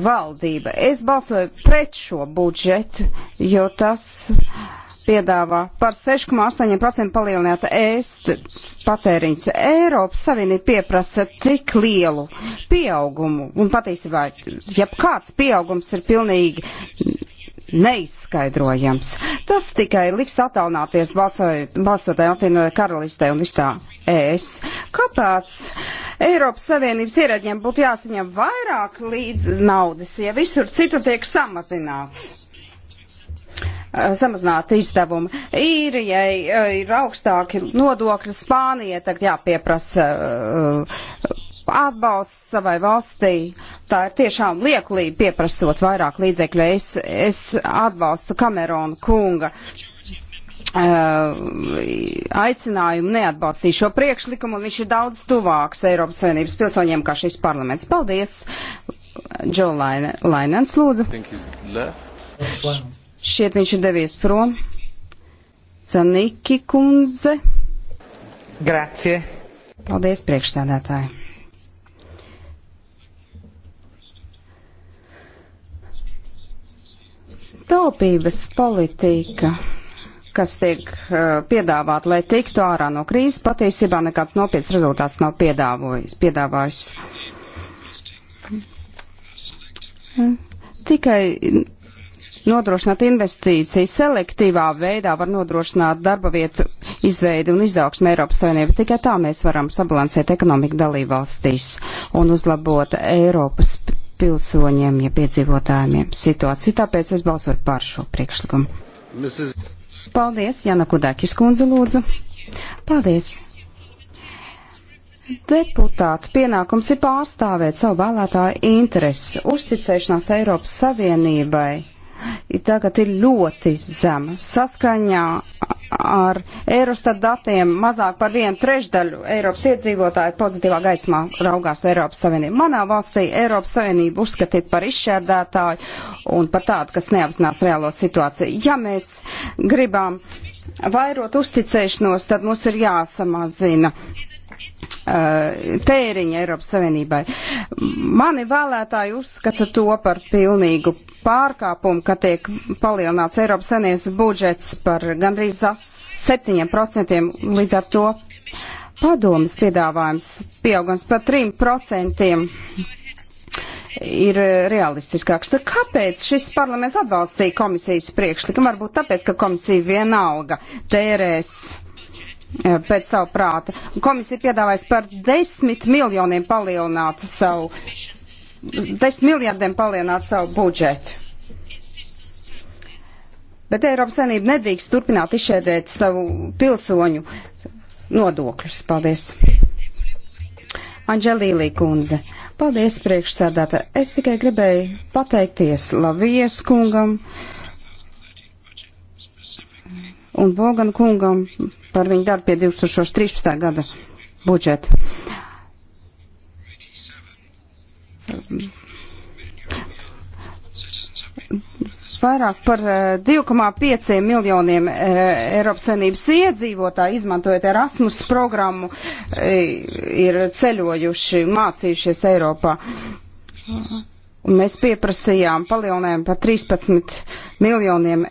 valdība. Es balsoju pret šo budžetu, jo tas piedāvā par 6,8% palielinātu ēst patēriņus. Eiropas Savienība pieprasa tik lielu pieaugumu, un patiesībā jebkāds pieaugums ir pilnīgi neizskaidrojams. Tas tikai liks attālināties balsotajai apvienotajai karalistē un visā ES. Kāpēc Eiropas Savienības ieradņiem būtu jāsaņem vairāk līdz naudas, ja visur citur tiek samazināts? Eh, samazināt izdevumu. Īrijai eh, ir augstāki nodokļi, Spānijai tagad jāpieprasa uh, atbalsts savai valstī. Tā ir tiešām lieklība pieprasot vairāk līdzekļu. Es, es atbalstu Kamerona kunga uh, aicinājumu neatbalstīja šo priekšlikumu, un viņš ir daudz tuvāks Eiropas Savienības pilsoņiem kā šis parlaments. Paldies, Džo Lain Lainens, lūdzu. Šiet viņš ir devies prom. Zaniki kundze. Grazie. Paldies, priekšsēdētāji. Taupības politika, kas tiek uh, piedāvāta, lai tiktu ārā no krīzes, patiesībā nekāds nopietns rezultāts nav piedāvājis. Tikai nodrošināt investīcijas selektīvā veidā var nodrošināt darba vietu izveidi un izaugsmu Eiropas Savienību. Tikai tā mēs varam sabalansēt ekonomiku dalībvalstīs un uzlabot Eiropas pilsoņiem, ja piedzīvotājiem situāciju. Tāpēc es balsoju par šo priekšlikumu. Mrs. Paldies, Jana Kudēkis kundze lūdzu. Paldies. Deputāta pienākums ir pārstāvēt savu vēlētāju interesi. Uzticēšanās Eiropas Savienībai tagad ir ļoti zema saskaņā ar Eurostat datiem mazāk par vienu trešdaļu Eiropas iedzīvotāju pozitīvā gaismā raugās Eiropas Savienību. Manā valstī Eiropas Savienību uzskatīt par izšķērdētāju un par tādu, kas neapzinās reālo situāciju. Ja mēs gribam vairot uzticēšanos, tad mums ir jāsamazina Eh, tēriņa Eiropas Savienībai. Mani vēlētāji uzskata to par pilnīgu pārkāpumu, ka tiek palielināts Eiropas Savienības budžets par gandrīz 7%, līdz ar to padomas piedāvājums pieaugums par 3% ir realistiskāks. Tad kāpēc šis parlaments atbalstīja komisijas priekšlikumu? Varbūt tāpēc, ka komisija vienalga tērēs E, pēc savu prātu. Komisija piedāvājas par desmit miljoniem palielināt savu, desmit miljardiem palielināt savu budžetu. Bet Eiropas Savienība nedrīkst turpināt izšķērdēt savu pilsoņu nodokļus. Paldies. Anģelīlī kundze. Paldies, priekšsēdētā. Es tikai gribēju pateikties Lavijas kungam un Vogan kungam par viņu darbu pie 2013. gada budžeta. Vairāk par 2,5 eh, miljoniem eh, Eiropas Savienības iedzīvotāji, izmantojot Erasmus programmu, eh, ir ceļojuši, mācījušies Eiropā. Un mēs pieprasījām palielinājumu par 13 miljoniem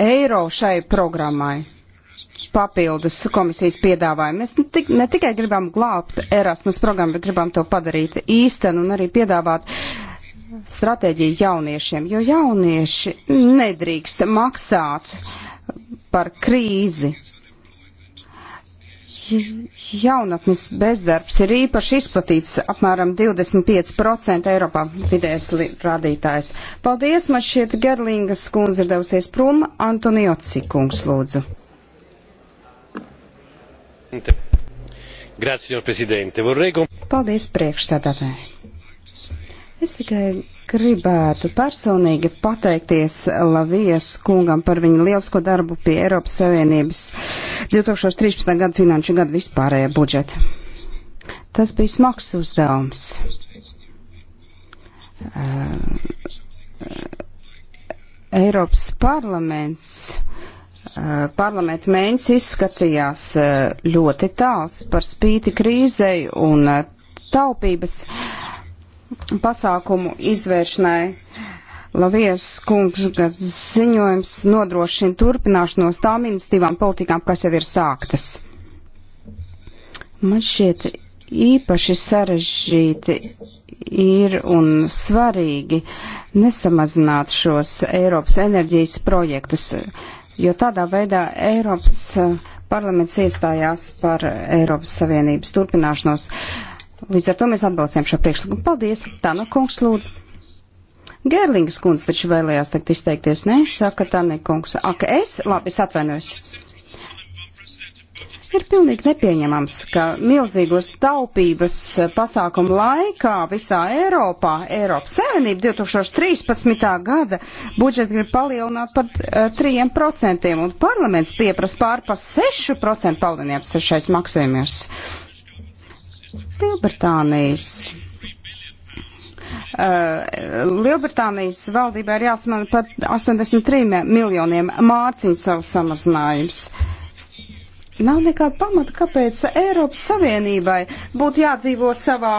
eiro šai programmai papildus komisijas piedāvājumu. Mēs ne, tik, ne tikai gribam glābt Erasmus programmu, bet gribam to padarīt īstenu un arī piedāvāt stratēģiju jauniešiem, jo jaunieši nedrīkst maksāt par krīzi. Jaunatnes bezdarbs ir īpaši izplatīts apmēram 25% Eiropā vidējais rādītājs. Paldies, man šķiet Gerlingas kundze ir devusies prom, Antoniotsi kungs lūdzu. Paldies, priekšsēdētāji! Es tikai gribētu personīgi pateikties Lavijas kungam par viņa lielisko darbu pie Eiropas Savienības 2013. gada finanšu gada vispārējā budžeta. Tas bija smags uzdevums. Uh, uh, Eiropas parlaments uh, Eh, parlamenta mēnesis izskatījās eh, ļoti tāls par spīti krīzei un eh, taupības pasākumu izvēršanai. Lavieras kungs ziņojums nodrošina turpināšanos tām iniciatīvām politikām, kas jau ir sāktas. Man šķiet īpaši sarežģīti ir un svarīgi nesamazināt šos Eiropas enerģijas projektus. Uh, jo tādā veidā Eiropas eh, parlaments iestājās par Eiropas Savienības turpināšanos. Līdz ar to mēs atbalstījām šo priekšlikumu. Paldies! Tā nu, kungs, lūdzu! Gērlingas kundze taču vēlējās teikt izteikties, ne? Saka Tani kungs. Ak, es? Labi, es atvainojos. Ir pilnīgi nepieņemams, ka milzīgos taupības eh, pasākumu laikā visā Eiropā, Eiropas Savienība 2013. gada budžetu grib palielināt par uh, eh, 3% un parlaments pieprasa pār eh, par 6% palielinājumu sešais maksājumus. Lielbritānijas. Uh, Lielbritānijas valdībā ir jāsamana par 83 miljoniem mārciņu savu samazinājums. Uh, Nav nekāda pamata, kāpēc Eiropas Savienībai būtu jādzīvo savā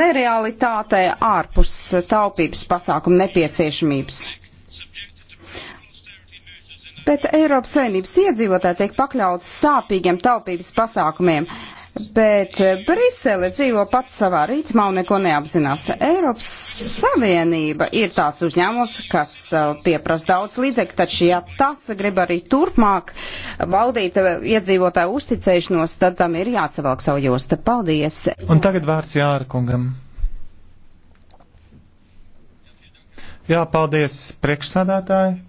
nerealitātē ārpus taupības pasākumu nepieciešamības. Bet Eiropas Savienības iedzīvotāji tiek pakļauts sāpīgiem taupības pasākumiem. Uh, bet Brisele dzīvo pats savā ritmā un neko neapzinās. Eiropas Savienība ir tāds uzņēmums, kas uh, pieprasa daudz līdzekļu, taču ja tas grib arī turpmāk valdīt uh, iedzīvotāju uzticēšanos, tad tam ir jāsavalk savu josta. Paldies! Un tagad vārds Jārkungam. Jā, paldies priekšsādātāji.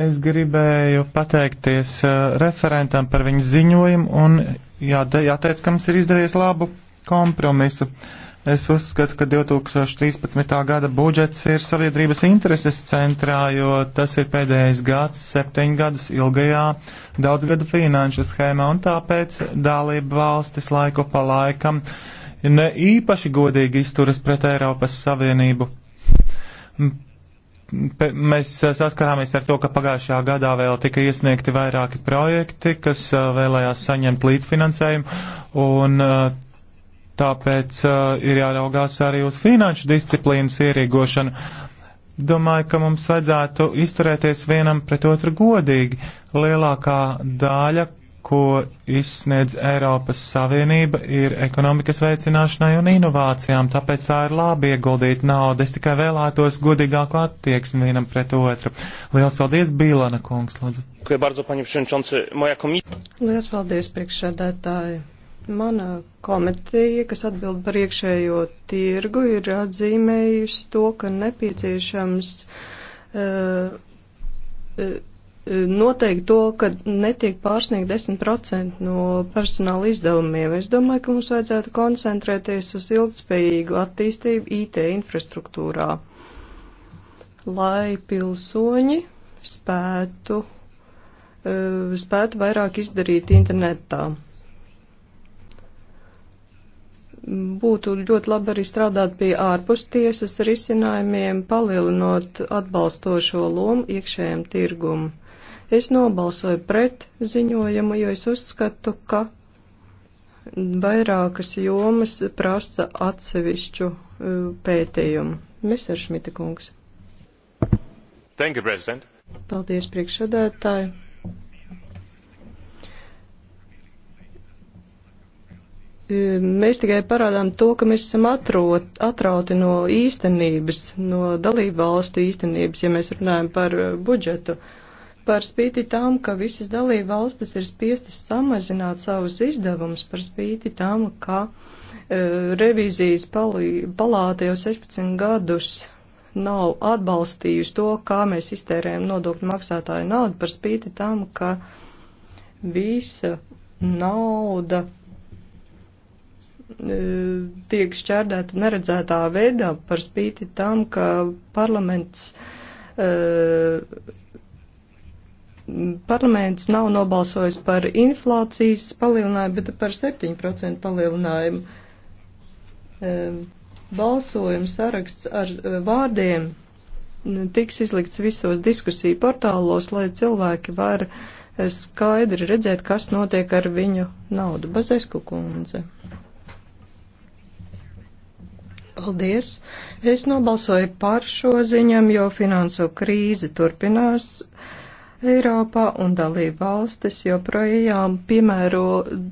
Es gribēju pateikties uh, referentam par viņu ziņojumu un Jā, jāteic, ka mums ir izdevies labu kompromisu. Es uzskatu, ka 2013. gada budžets ir sabiedrības intereses centrā, jo tas ir pēdējais gads septiņu gadus ilgajā daudzgada finanšu schēmā, un tāpēc dalība valstis laiku pa laikam ne īpaši godīgi izturas pret Eiropas Savienību mēs eh, saskarāmies ar to, ka pagājušajā gadā vēl tika iesniegti vairāki projekti, kas eh, vēlējās saņemt līdzfinansējumu, un eh, tāpēc ir jāraugās arī uz finanšu disciplīnas ierīgošanu. Domāju, ka mums vajadzētu izturēties vienam pret otru godīgi. Lielākā daļa ko izsniedz Eiropas Savienība, ir ekonomikas veicināšanai un inovācijām, tāpēc tā ir labi ieguldīt naudu. Es tikai vēlētos godīgāku attieksmi vienam pret otru. Lielas paldies, Bīlana kungs, lūdzu. Lielas paldies, priekšsēdētāji. Mana komiteja, kas atbild par iekšējo tirgu, ir atzīmējusi to, ka nepieciešams uh, uh, noteikti to, ka netiek pārsniegt 10% no personāla izdevumiem. Es domāju, ka mums vajadzētu koncentrēties uz ilgspējīgu attīstību IT infrastruktūrā, lai pilsoņi spētu, eh, spētu vairāk izdarīt internetā. Būtu ļoti labi arī strādāt pie ārpus tiesas risinājumiem, palielinot atbalstošo lomu iekšējiem tirgumam Es nobalsoju pret ziņojumu, jo es uzskatu, ka vairākas jomas prasa atsevišķu uh, pētījumu. Mr. Šmita kungs. Thank you, President. Paldies, priekšsēdētāji. Uh, mēs tikai parādām to, ka mēs esam atrot, atrauti no īstenības, no dalību valstu īstenības, ja mēs runājam par uh, budžetu. Uh, par spīti tam, ka visas dalība valstis ir spiestas samazināt savus izdevumus, par spīti tam, ka e, revīzijas palī, palāte jau 16 gadus nav atbalstījusi to, kā mēs iztērējam nodokļu maksātāju naudu, par spīti tam, ka visa nauda e, tiek šķērdēta neredzētā veidā par spīti tam, ka parlaments uh, parlaments nav nobalsojis par inflācijas palielinājumu, bet par 7% palielinājumu. Balsojums saraksts ar eh, vārdiem tiks izlikts visos diskusiju portālos, lai cilvēki var eh, skaidri redzēt, kas notiek ar viņu naudu. Bazesku kundze. Paldies! Es nobalsoju par šo ziņam, jo finansu krīze turpinās. Uh, Eiropā un dalība valstis joprojām piemēro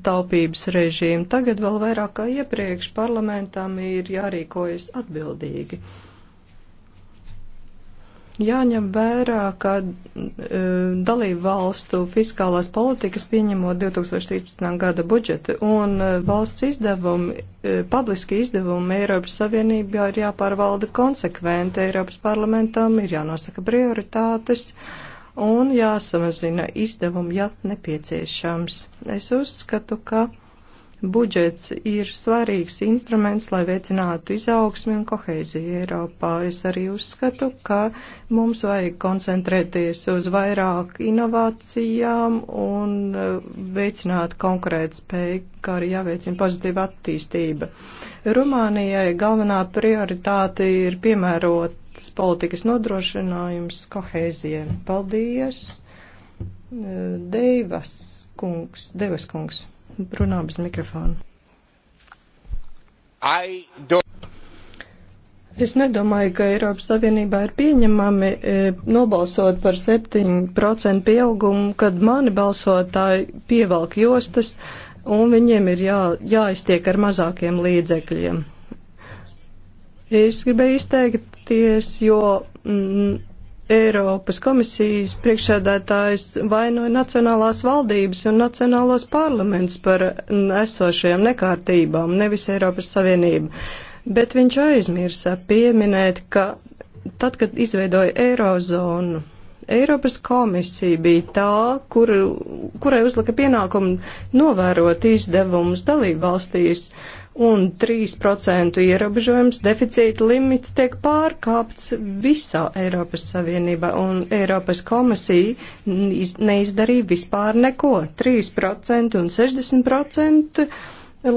taupības režīmu. Tagad vēl vairāk kā iepriekš parlamentam ir jārīkojas atbildīgi. Jāņem vērā, ka e, dalību valstu fiskālās politikas pieņemot 2013. gada budžeti un e, valsts izdevumi, e, publiski izdevumi Eiropas Savienībā ir jāpārvalda konsekventi. Eiropas parlamentam ir jānosaka prioritātes. E, un jāsamazina izdevumi, ja nepieciešams. Es uzskatu, ka budžets ir svarīgs instruments, lai veicinātu izaugsmi un kohēziju Eiropā. Es arī uzskatu, ka mums vajag koncentrēties uz vairāk inovācijām un uh, veicināt konkurētspēju, kā arī jāveicina pozitīva attīstība. Rumānijai galvenā prioritāte ir piemērot politikas nodrošinājums kohēzijai. Paldies, e, Deivas kungs, Deivas kungs, runā bez mikrofona. Es nedomāju, ka Eiropas Savienībā ir pieņemami e, nobalsot par 7% pieaugumu, kad mani balsotāji pievelk jostas un viņiem ir jā, jāiztiek ar mazākiem līdzekļiem. Es gribēju izteikt izteikties, jo mm, Eiropas komisijas priekšsēdētājs vainoja nacionālās valdības un nacionālos parlaments par esošajām nekārtībām, nevis Eiropas Savienību. Bet viņš aizmirsa pieminēt, ka tad, kad izveidoja Eirozonu, Eiropas komisija bija tā, kur, kurai uzlika pienākumu novērot izdevumus dalībvalstīs. valstīs un 3% ierobežojums deficīta limits tiek pārkāpts visā Eiropas Savienībā, un Eiropas komisija neizdarīja vispār neko. 3% un 60%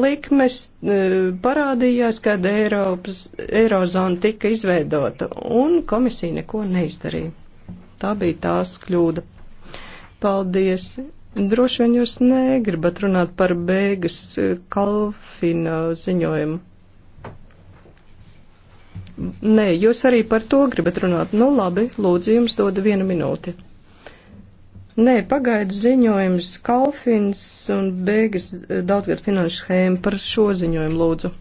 likmes e, parādījās, kad Eiropas, Eirozona tika izveidota, un komisija neko neizdarīja. Tā bija tās kļūda. Paldies! Droši vien jūs negribat runāt par beigas eh, kalfina ziņojumu. Nē, jūs arī par to gribat runāt. Nu labi, lūdzu, jums dod vienu minūti. Nē, pagaidu ziņojums Kalfins un beigas eh, daudzgad finanšu schēma par šo ziņojumu lūdzu.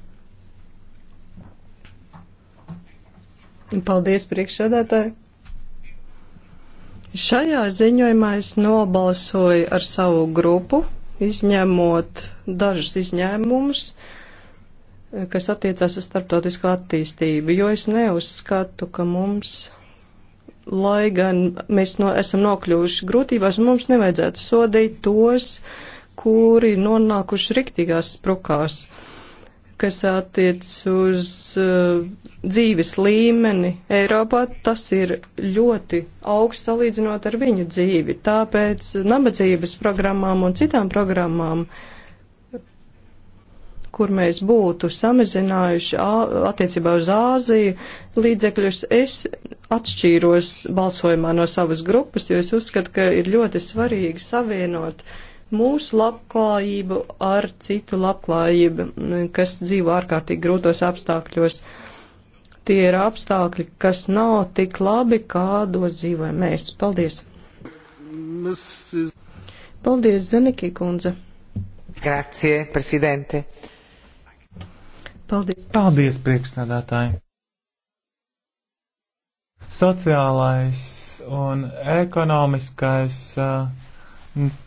Paldies priekšsēdētāji. Šajā ziņojumā es nobalsoju ar savu grupu, izņemot dažus izņēmumus, kas attiecās uz starptautisko attīstību, jo es neuzskatu, ka mums, lai gan mēs no, esam nokļuvuši grūtībās, mums nevajadzētu sodīt tos, kuri nonākuši riktīgās sprukās. Uh, kas attiec uz uh, dzīves līmeni Eiropā, tas ir ļoti augsts salīdzinot ar viņu dzīvi. Tāpēc nabadzības programmām un citām programmām, kur mēs būtu samazinājuši attiecībā uz Āziju līdzekļus, es atšķīros balsojumā no savas grupas, jo es uzskatu, ka ir ļoti svarīgi savienot uh, mūsu labklājību ar citu labklājību, kas dzīvo ārkārtīgi grūtos apstākļos. Tie ir apstākļi, kas nav tik labi, kādos dzīvojam mēs. Paldies! Paldies, Zeniki kundze! Grazie, prezidente! Paldies! Paldies, priekšstādātāji! Sociālais un ekonomiskais uh,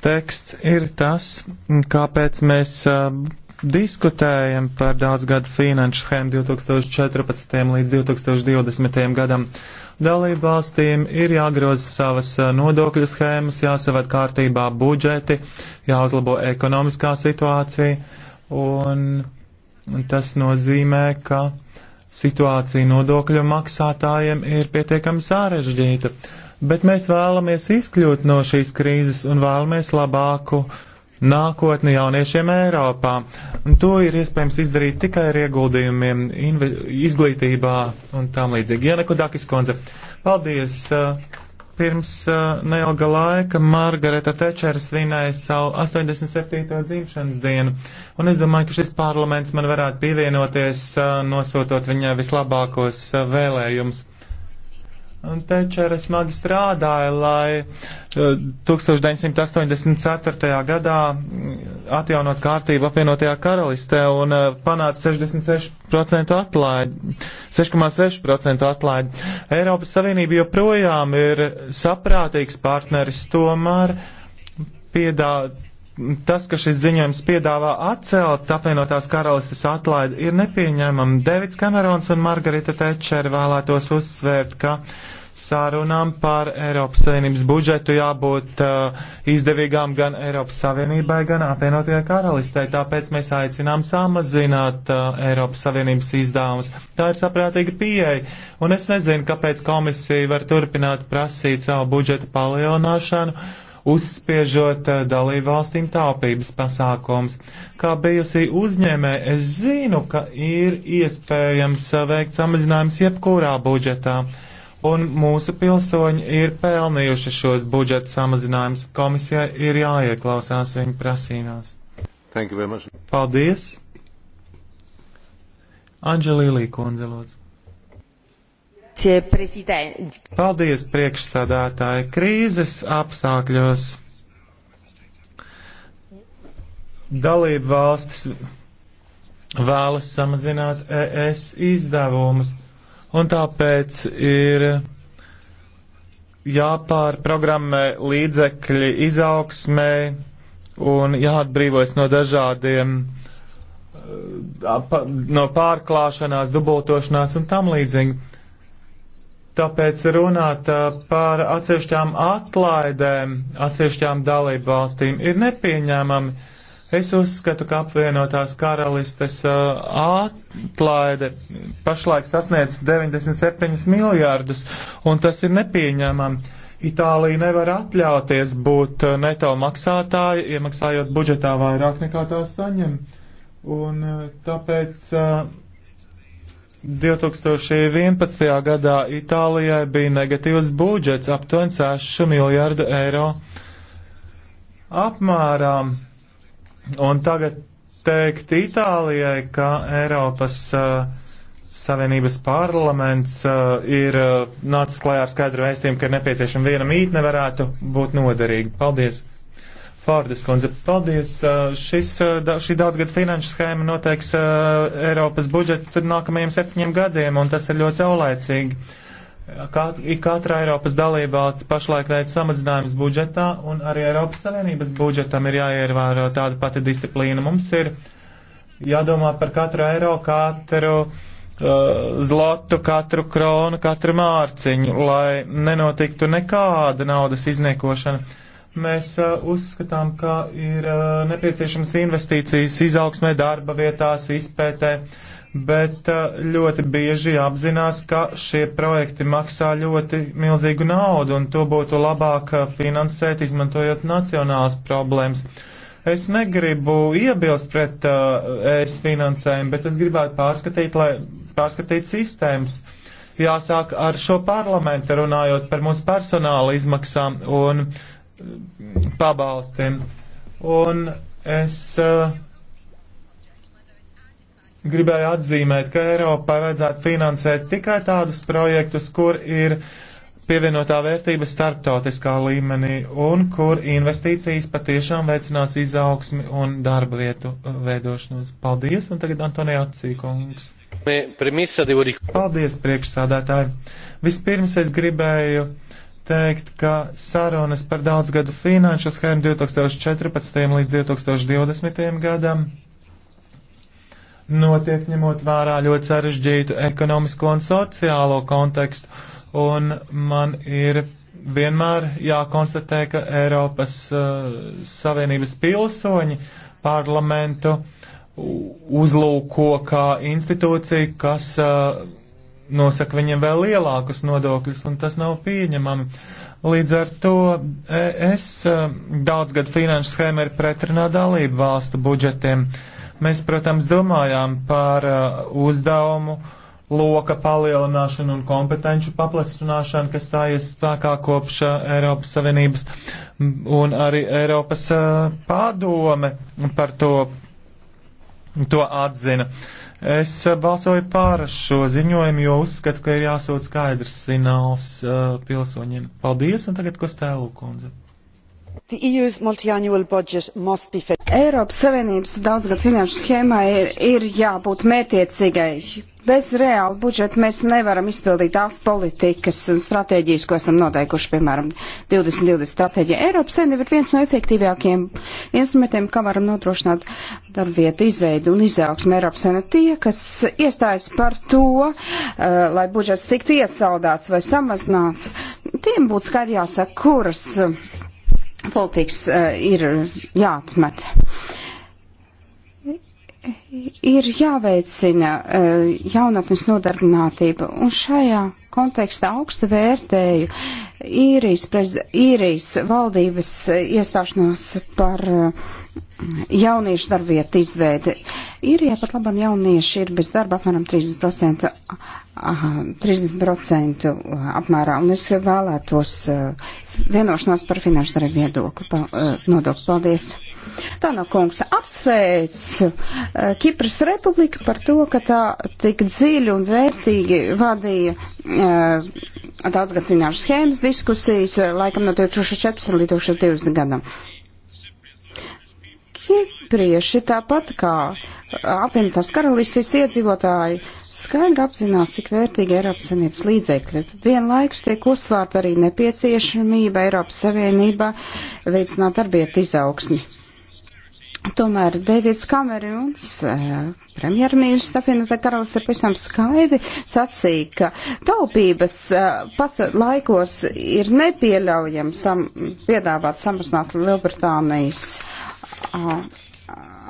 teksts ir tas, kāpēc mēs diskutējam par daudzgadu finanšu schēmu 2014. līdz 2020. gadam. Dalībvalstīm ir jāgroza savas nodokļu schēmas, jāsavad kārtībā budžeti, jāuzlabo ekonomiskā situācija, un tas nozīmē, ka situācija nodokļu maksātājiem ir pietiekami sārežģīta. Uh, bet mēs vēlamies izkļūt no šīs krīzes un vēlamies labāku nākotni jauniešiem Eiropā. Un to ir iespējams izdarīt tikai ar ieguldījumiem izglītībā un tam līdzīgi. Janeku Dakis Konze, paldies! Uh, pirms uh, neilga laika Margareta Tečera svinēja savu 87. dzimšanas dienu, un es domāju, ka šis parlaments man varētu pievienoties, uh, nosotot viņai vislabākos vēlējumus. Tečere smagi strādāja, lai 1984. Eh, gadā mm, atjaunot kārtību apvienotajā karalistē un eh, panāca 66% atlaidi, 6,6% atlaidi. Eiropas Savienība joprojām ir saprātīgs partneris, tomēr piedā, Tas, ka šis ziņojums piedāvā atcelt apvienotās karalistes atlaidi, ir nepieņemami. Devits Kamerons un Margarita Tečer vēlētos uzsvērt, ka sārunām par Eiropas Savienības budžetu jābūt uh, izdevīgām gan Eiropas Savienībai, gan apvienotajai karalistē. Tāpēc mēs aicinām samazināt uh, Eiropas Savienības izdevumus. Tā ir saprātīga pieeja. Un es nezinu, kāpēc komisija var turpināt prasīt savu budžeta palielināšanu uzspiežot eh, dalību valstīm tāpības pasākums. Kā bijusī uzņēmē, es zinu, ka ir iespējams eh, veikt samazinājums jebkurā budžetā. Un mūsu pilsoņi ir pelnījuši šos budžeta samazinājumus. Komisija ir jāieklausās viņu prasībās. Paldies! Anģelīlī kundze, lūdzu. Grazie, prezident. Paldies, priekšsādātāji. Krīzes apstākļos dalību valstis vēlas samazināt ES izdevumus, un tāpēc ir jāpārprogrammē līdzekļi izaugsmē un jāatbrīvojas no dažādiem, no pārklāšanās, dubultošanās un tam līdzīgi. Tāpēc runāt par atsevišķām atlaidēm, atsevišķām dalību valstīm ir nepieņēmami. Es uzskatu, ka apvienotās karalistes atlaide pašlaik sasniedz 97 miljārdus, un tas ir nepieņēmami. Itālija nevar atļauties būt neto maksātāji, iemaksājot budžetā vairāk nekā tās saņem. Un tāpēc uh, 2011. gadā Itālijai bija negatīvs budžets aptuveni 6 miljārdu eiro apmērā. Un tagad teikt Itālijai, ka Eiropas uh, Savienības parlaments uh, ir uh, nācis klajā ar skaidru vēstījumu, ka nepieciešama viena mītne varētu būt noderīga. Paldies! Fārdas kundze, paldies. Uh, šis, uh, šī daudzgada finanšu schēma noteiks uh, Eiropas budžetu nākamajiem septiņiem gadiem, un tas ir ļoti saulēcīgi. Kat, katra Eiropas dalībvalsts pašlaik veic samazinājumus budžetā, un arī Eiropas Savienības budžetam ir jāievēro tāda pati disciplīna. Mums ir jādomā par katru eiro, katru uh, zlotu, katru kronu, katru mārciņu, lai nenotiktu nekāda naudas izniekošana Mēs uh, uzskatām, ka ir uh, nepieciešams investīcijas izaugsmē, darba vietās, izpētē, bet uh, ļoti bieži apzinās, ka šie projekti maksā ļoti milzīgu naudu un to būtu labāk uh, finansēt, izmantojot nacionālas problēmas. Es negribu iebilst pret uh, ES finansējumu, bet es gribētu pārskatīt, lai pārskatīt sistēmas. Jāsāk ar šo parlamentu runājot par mūsu personāla izmaksām un uh, pabalstiem. Un es uh, gribēju atzīmēt, ka Eiropai vajadzētu finansēt tikai tādus projektus, kur ir pievienotā vērtība starptautiskā līmenī un kur investīcijas patiešām veicinās izaugsmi un darba vietu eh, veidošanos. Paldies, un tagad Antonija Atsīkungs. Paldies, priekšsādātāji. Vispirms es gribēju teikt, ka sarunas par daudzgadu finanšu schēmu 2014. līdz 2020. gadam notiek ņemot vērā ļoti sarežģītu ekonomisko un sociālo kontekstu, un man ir vienmēr jākonstatē, ka Eiropas uh, Savienības pilsoņi parlamentu uzlūko kā institūciju, kas uh, nosaka viņiem vēl lielākus nodokļus, un tas nav pieņemami. Līdz ar to e, es e, daudzgad finanšu schēma ir pretrunā dalību valstu budžetiem. Mēs, protams, domājām par e, uzdevumu loka palielināšanu un kompetenču paplašināšanu, kas stājies spēkā kopš Eiropas Savienības un arī Eiropas padome par to, to atzina. Uh, Es eh, balsoju pār šo ziņojumu, jo uzskatu, ka ir jāsūt skaidrs signāls uh, pilsoņiem. Paldies, un tagad Kostēlu kundze. E Eiropas Savienības daudzgad finanšu schēmai ir, ir jābūt mētiecīgai. Bez reāla budžeta mēs nevaram izpildīt tās politikas un stratēģijas, ko esam noteikuši, piemēram, 2020 stratēģija. Eiropas Savienība ir viens no efektīvākajiem instrumentiem, kā varam nodrošināt darbvietu izveidu un izaugsmu Eiropas Savienība. Tie, kas iestājas par to, uh, lai budžets tiktu iesaldāts vai samazināts, tiem būtu skaidri jāsaka, kuras. Uh, politikas eh, ir jāatmet. Ir jāveicina eh, jaunatnes nodarbinātība, un šajā kontekstā augstu vērtēju īrijas, prez, īrijas valdības eh, iestāšanos par uh, jauniešu darbvietu izveidi. Ir, ja pat labam jaunieši ir bez darba apmēram 30%, aha, 30% uh, apmērā, un es vēlētos uh, vienošanos par finanšu darbu viedokli, pa, uh, nodokli. Paldies! Tā no kungs apsveic Kipras republiku par to, ka tā tik dziļi un vērtīgi vadīja daudzgad finanšu schēmas diskusijas, laikam no 2014 līdz 2020 gadam. Kiprieši tāpat kā apvienotās karalistīs iedzīvotāji skaidri apzinās, cik vērtīgi Eiropas Savienības līdzekļi. Vienlaikus tiek uzsvārta arī nepieciešamība Eiropas Savienībā veicināt darbietu izaugsmi. Tomēr Deivids Kamerons, eh, premjerministrs apvienotā karalistē, pavisam skaidri sacīja, ka taupības eh, laikos ir nepieļaujams sam piedāvāt samazināt Lielbritānijas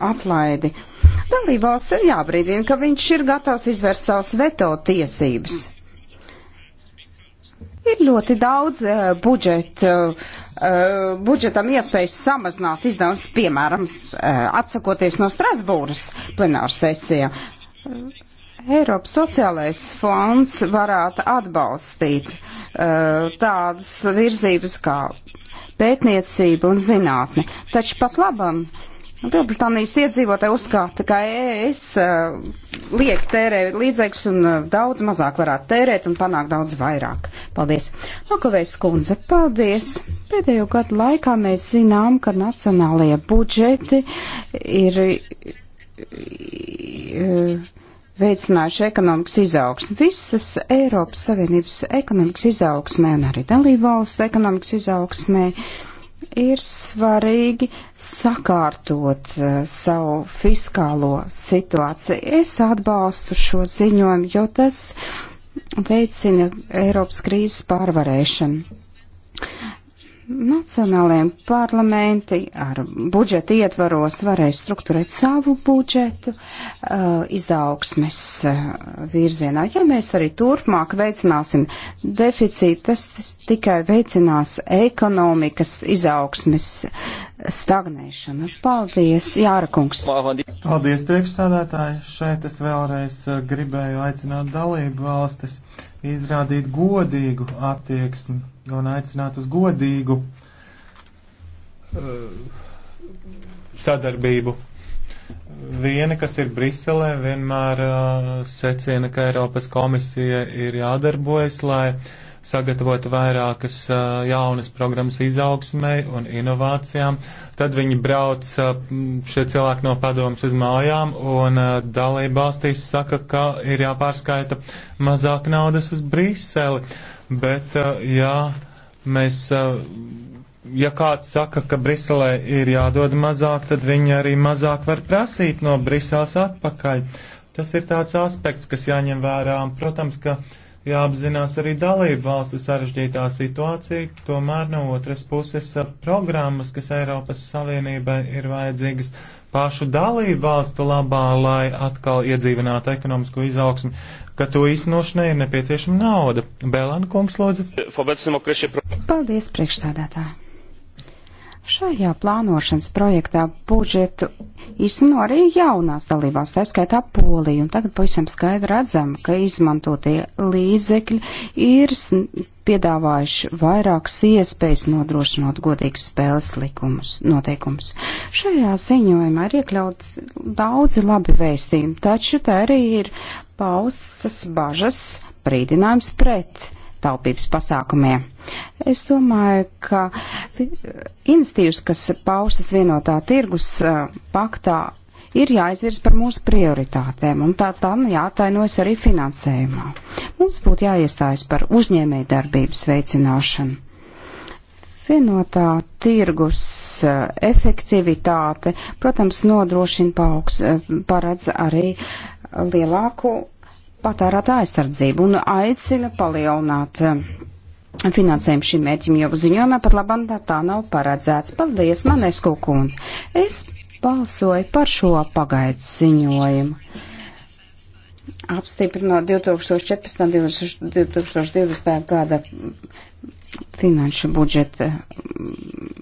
atlaidi. Dalībvalsts ir jābrīdina, ka viņš ir gatavs izvērst savas veto tiesības. Ir ļoti daudz uh, e, budžeta, uh, e, e, budžetam iespējas samazināt izdevumus, piemēram, uh, atsakoties no Strasbūras plenāra sesijā. Eiropas sociālais fonds varētu atbalstīt uh, tādas virzības kā pētniecību un zinātni. Taču pat labam Lielbritānijas iedzīvotāji uzskata, ka ES uh, liek tērē līdzekļus un uh, daudz mazāk varētu tērēt un panākt daudz vairāk. Paldies. Makovējs kundze, paldies. Pēdējo gadu laikā mēs zinām, ka nacionālajie budžeti ir. Uh, veicinājuši ekonomikas izaugsmi. Visas Eiropas Savienības ekonomikas izaugsmē un arī dalībvalstu ekonomikas izaugsmē ir svarīgi sakārtot uh, savu fiskālo situāciju. Es atbalstu šo ziņojumu, jo tas veicina Eiropas krīzes pārvarēšanu nacionālajiem parlamenti ar budžeta ietvaros varēs strukturēt savu budžetu uh, izaugsmes uh, virzienā. Ja mēs arī turpmāk veicināsim deficītu, tas, tas tikai veicinās ekonomikas izaugsmes stagnēšanu. Paldies, Jāra kungs! Paldies, priekšsādātāji! Šeit es vēlreiz uh, gribēju aicināt dalību valstis izrādīt godīgu attieksmi un aicināt uz godīgu uh, sadarbību. Viena, kas ir Briselē, vienmēr uh, secina, ka Eiropas komisija ir jādarbojas, lai uh, sagatavot vairākas jaunas programmas izaugsmai un inovācijām. Tad viņi brauc šie cilvēki no padomus uz mājām un dalība valstīs saka, ka ir jāpārskaita mazāk naudas uz Briseli. Bet, jā, mēs ja kāds saka, ka Briselē ir jādod mazāk, tad viņi arī mazāk var prasīt no Briseles atpakaļ. Tas ir tāds aspekts, kas jāņem vērā. Protams, ka uh, jāapzinās arī dalību valstu sarežģītā situācija, tomēr no otras puses eh, programmas, kas Eiropas Savienībai ir vajadzīgas pašu dalību valstu labā, lai atkal iedzīvinātu ekonomisko izaugsmu, ka to īstenošanai ir nepieciešama nauda. Bēlēna kungs, lūdzu. Paldies, priekšsādātāji. Šajā plānošanas projektā budžetu īsteno arī jaunās dalībās, tā skaitā Polija, un tagad pavisam skaidri redzam, ka izmantotie līdzekļi ir piedāvājuši vairākas iespējas nodrošinot godīgus spēles likumus, noteikumus. Šajā ziņojumā ir iekļauts daudzi labi vēstījumi, taču tā arī ir paustas bažas brīdinājums pret taupības pasākumiem. Es domāju, ka inicitīvas, kas paustas vienotā tirgus paktā, ir jāizvirs par mūsu prioritātēm, un tā tam jātainojas arī finansējumā. Mums būtu jāiestājas par uzņēmēju darbības veicināšanu. Vienotā tirgus efektivitāte, protams, nodrošina paaugs, paredz arī lielāku patērētā aizsardzību un aicina palielināt eh, finansējumu šim mērķim, jo ziņojumā pat labam tā nav paredzēts. Paldies, manais kukūns. Es balsoju par šo pagaidu ziņojumu. Apstiprinot 2014. un 2020. gada finanšu budžeta mm,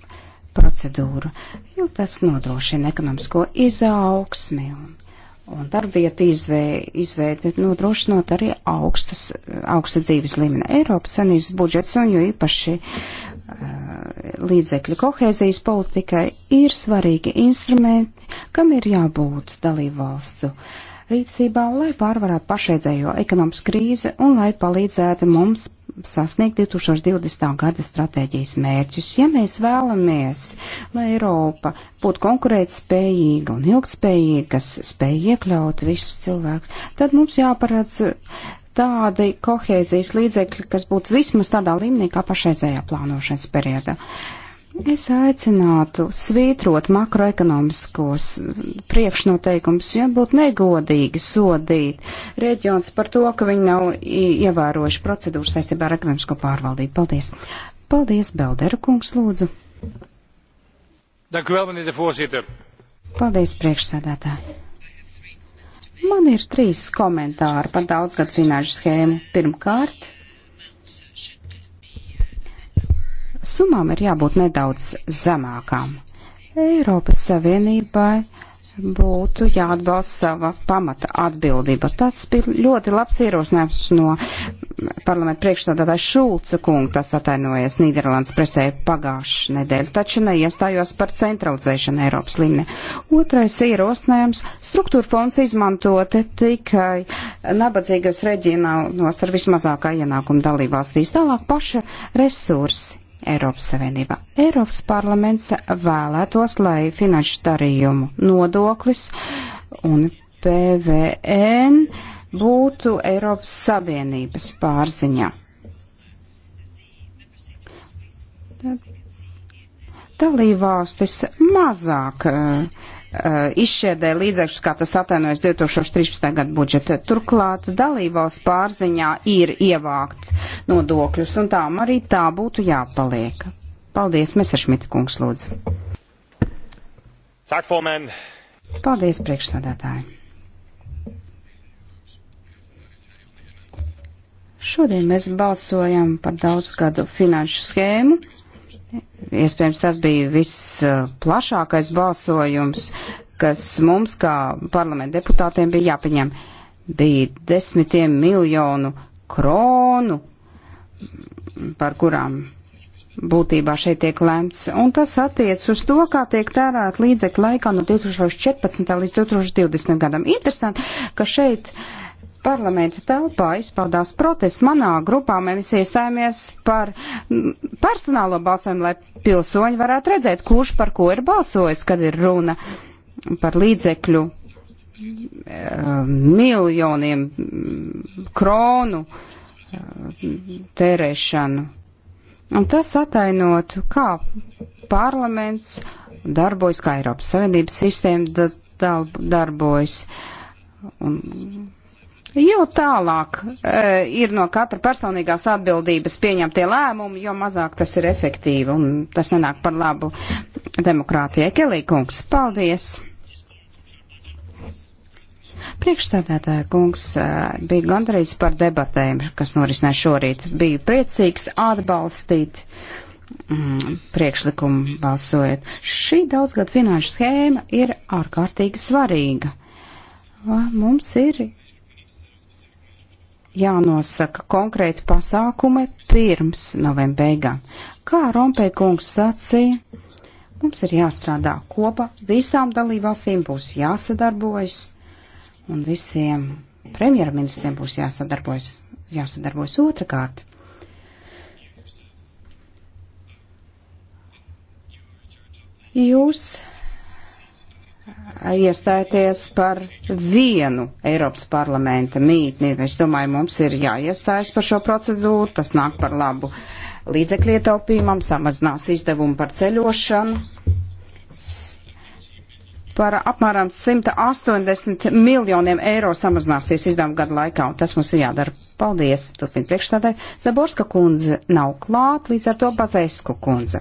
procedūru, jo tas nodrošina ekonomisko izaugsmi un un darbvieta izveidi nodrošinot arī augstas, augsta dzīves līmeni. Eiropas sanīs budžets un jo īpaši uh, līdzekļi kohēzijas politikai ir svarīgi instrumenti, kam ir jābūt dalību valstu rīcībā, lai pārvarētu pašreizējo ekonomisku krīzi un lai palīdzētu mums sasniegt 2020. gada stratēģijas mērķus. Ja mēs vēlamies, lai Eiropa būtu konkurētspējīga un ilgspējīga, kas spēj iekļaut visus cilvēkus, tad mums jāparādz tādi kohēzijas līdzekļi, kas būtu vismaz tādā līmenī kā pašreizējā plānošanas periodā. Uh, Es aicinātu svītrot makroekonomiskos priekšnoteikumus, jo būtu negodīgi sodīt reģions par to, ka viņi nav ievērojuši procedūras saistībā ar ekonomisko pārvaldību. Paldies. Paldies, Beldera kungs, lūdzu. Dank u wel, meneer de voorzitter. Paldies, priekšsēdētāji. Man ir trīs komentāri par daudzgad finanšu schēmu. Pirmkārt Summām ir jābūt nedaudz zemākām. Eiropas Savienībai būtu jāatbalsta sava pamata atbildība. Tas bija ļoti labs ierosinājums no parlamenta priekšstādātāja Šulca kunga, tas atainojies Nīderlandes presē pagājušā nedēļa, taču neiestājos par centralizēšanu Eiropas līmenī. Otrais ierosinājums - struktūra fonds izmantoti tikai nabadzīgos reģionos ar vismazākā ienākuma dalībvalstīs. Tālāk paša resursi Eiropas Savienībā. Eiropas parlaments vēlētos, lai finanšu darījumu nodoklis un PVN būtu Eiropas Savienības pārziņā. Dalībvalstis mazāk uh, Uh, izšķiedē līdzekļus, kā tas atainojas 2013. gada budžeta. Turklāt dalībvalsts pārziņā ir ievākt nodokļus, un tām arī tā būtu jāpaliek. Paldies, Messeršmita kungs, lūdzu. Sākformēn. Paldies, priekšsādātāji. Šodien mēs balsojam par daudzgadu finanšu schēmu Iespējams, tas bija visplašākais balsojums, kas mums, kā parlamenta deputātiem, bija jāpieņem. Bija desmitiem miljonu kronu, par kurām būtībā šeit tiek lemts, un tas attiec uz to, kā tiek tērēt līdzekļu laikā no 2014. līdz 2020. gadam. Interesanti, ka šeit uh, parlamenta telpā izpaudās protests. Manā grupā mēs iestājāmies par personālo balsojumu, lai pilsoņi varētu redzēt, kurš par ko ir balsojis, kad ir runa par līdzekļu eh, miljoniem kronu eh, tērēšanu. Un tas atainot, kā parlaments darbojas, kā Eiropas Savienības sistēma darbojas. Un Jo tālāk e, ir no katra personīgās atbildības pieņemtie lēmumi, jo mazāk tas ir efektīvi un tas nenāk par labu demokrātijai. Kelīkungs, paldies! Priekšsēdētāja kungs e, bija gandarīts par debatēm, kas norisinājās šorīt. Bija priecīgs atbalstīt mm, priekšlikumu balsojot. Šī daudzgad finanšu schēma ir ārkārtīgi svarīga. Mums ir jānosaka konkrēti pasākumi pirms novembra beigām. Kā Rompēja kungs sacīja, mums ir jāstrādā kopā, visām dalībvalstīm būs jāsadarbojas un visiem premjerministriem būs jāsadarbojas, jāsadarbojas otrkārt. Jūs iestāties par vienu Eiropas parlamenta mītni. Es domāju, mums ir jāiestājas par šo procedūru, tas nāk par labu līdzekļu ietaupījumam, samazinās izdevumu par ceļošanu. Par apmēram 180 miljoniem eiro samazināsies izdevumu gadu laikā, un tas mums ir jādara. Paldies, turpin priekšstādē. Zaborska kundze nav klāt, līdz ar to Bazēsku kundze.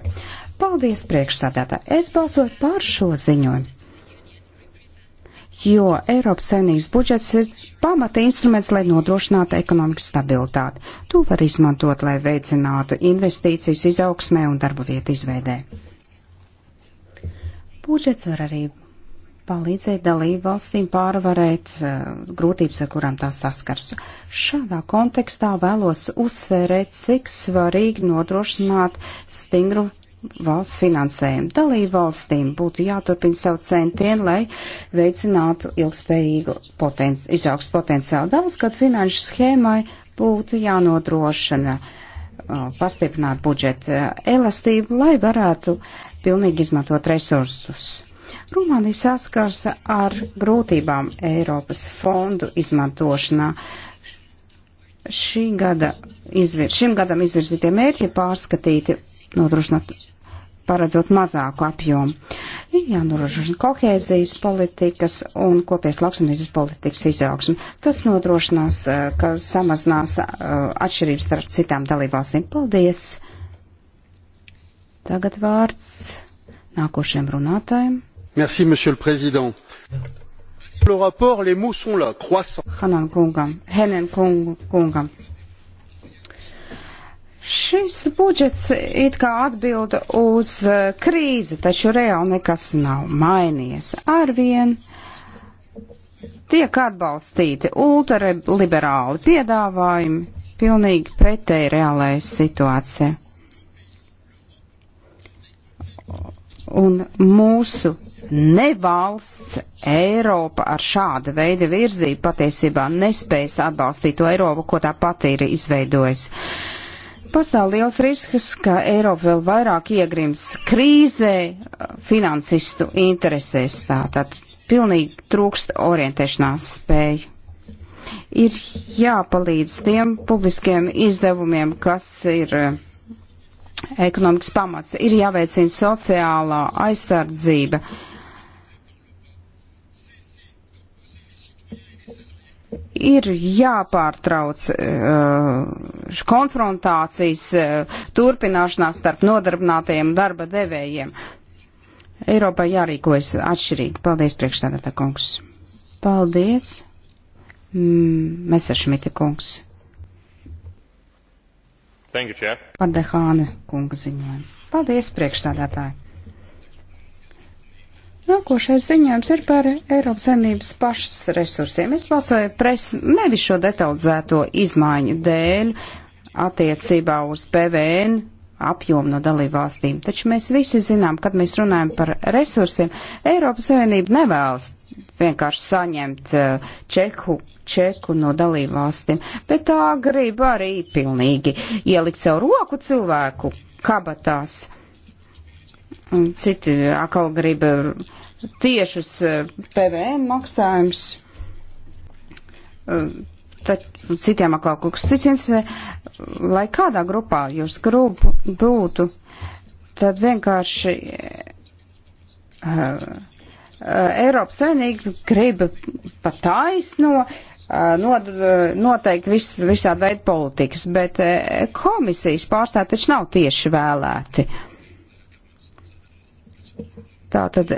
Paldies, priekšstādētā. Es balsoju par šo ziņojumu jo Eiropas saimnības budžets ir pamata instruments, lai nodrošinātu ekonomikas stabilitāti. To var izmantot, lai veicinātu investīcijas izaugsmē un darba vietu izveidē. Budžets var arī palīdzēt dalību valstīm pārvarēt uh, grūtības, ar kurām tās saskars. Šādā kontekstā vēlos uzsvērēt, cik svarīgi nodrošināt stingru valsts finansējumu. Dalību valstīm būtu jāturpina savu centienu, lai veicinātu ilgspējīgu potenci izaugs potenciālu. Daudzgad finanšu schēmai būtu jānodrošina uh, pastiprināt budžeta elastību, lai varētu pilnīgi izmantot resursus. Rumānija saskars ar grūtībām Eiropas fondu izmantošanā. Šī gada izvir, šim gadam izvirzītie mērķi pārskatīti nodrošināt paredzot mazāku apjomu. Jānorožina kohēzijas politikas un kopies lauksanīzes politikas izaugsmu. Tas nodrošinās, eh, ka samazinās eh, atšķirības starp citām dalībvalstīm. Paldies! Tagad vārds nākošiem runātājiem. Merci, monsieur le président. Le rapport, les mots sont là, croissant. Hanan kungam, Henen kung, kungam. Šis budžets it kā atbilda uz eh, krīzi, taču reāli nekas nav mainījies. Arvien tiek atbalstīti ultraliberāli piedāvājumi, pilnīgi pretēji reālajai situācijai. Un mūsu nevalsts Eiropa ar šāda veida virzību patiesībā nespējas atbalstīt to Eiropu, ko tā pati ir izveidojusi. Pastāv liels risks, ka Eiropa vēl vairāk iegrims krīzē finansistu interesēs. Tātad pilnīgi trūkst orientēšanās spēju. Ir jāpalīdz tiem publiskiem izdevumiem, kas ir eh, ekonomikas pamats. Ir jāveicina sociālā aizsardzība. Uh, ir jāpārtrauc uh, konfrontācijas uh, turpināšanās starp nodarbinātajiem darba devējiem. Eiropai jārīkojas atšķirīgi. Paldies, priekšstādātā kungs. Paldies, mm, Messeršmita kungs. Thank you, Chair. Par Dehāne kunga ziņojumu. Paldies, priekšstādātāji. Nākošais ziņojums ir par Eiropas saimnības pašas resursiem. Es balsoju pres nevis šo detalizēto izmaiņu dēļ attiecībā uz PVN apjomu no dalībvalstīm, taču mēs visi zinām, kad mēs runājam par resursiem, Eiropas Savienība nevēlas vienkārši saņemt eh, čeku, čeku no dalībvalstīm, bet tā grib arī pilnīgi ielikt savu roku cilvēku kabatās. Citi atkal grib eh, tiešus eh, PVN maksājumus. Eh, tad citiem atkal kaut kas cits, lai kādā grupā jūs grupu būtu, tad vienkārši uh, Eiropas Savienība grib pa taisno uh, Not, noteikti vis, visādi veidi politikas, bet komisijas pārstāvji taču nav tieši vēlēti. Uh, Tātad e,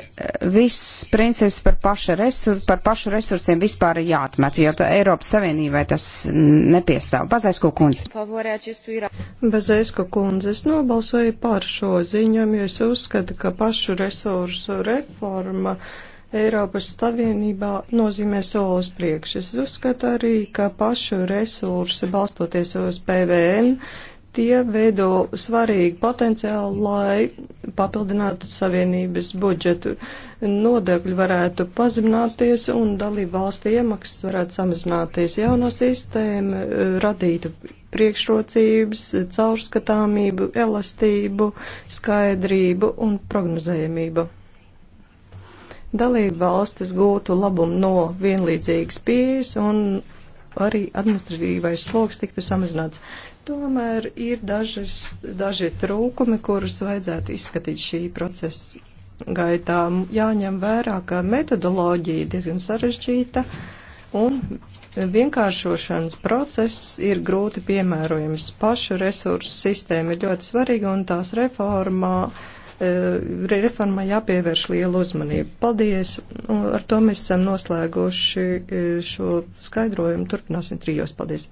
viss princips par, resur, par pašu resursiem vispār ir jāatmet, jo Eiropas Savienībai tas nepiestāv. Bazaisko kundze. Bazaisko kundze, es nobalsoju par šo ziņojumu, jo es uzskatu, ka pašu resursu reforma Eiropas Savienībā nozīmē solis priekš. Es uzskatu arī, ka pašu resursi balstoties uz PVN Tie veido svarīgu potenciālu, lai papildinātu savienības budžetu. Nodokļi varētu pazemināties un dalību valstu iemaksas varētu samazināties. Jaunā sistēma eh, radītu priekšrocības, caurskatāmību, elastību, skaidrību un prognozējamību dalība valstis gūtu labumu no vienlīdzīgas pieejas un arī administratīvais sloks tiktu samazināts. Tomēr ir dažas, daži trūkumi, kurus vajadzētu izskatīt šī procesa gaitā. Jāņem vērā, ka metodoloģija diezgan sarežģīta un vienkāršošanas process ir grūti piemērojams. Pašu resursu sistēma ir ļoti svarīga un tās reformā, e, reformā jāpievērš liela uzmanība. Paldies! Un nu, ar to mēs esam noslēguši e, šo skaidrojumu. Turpināsim trijos. Paldies!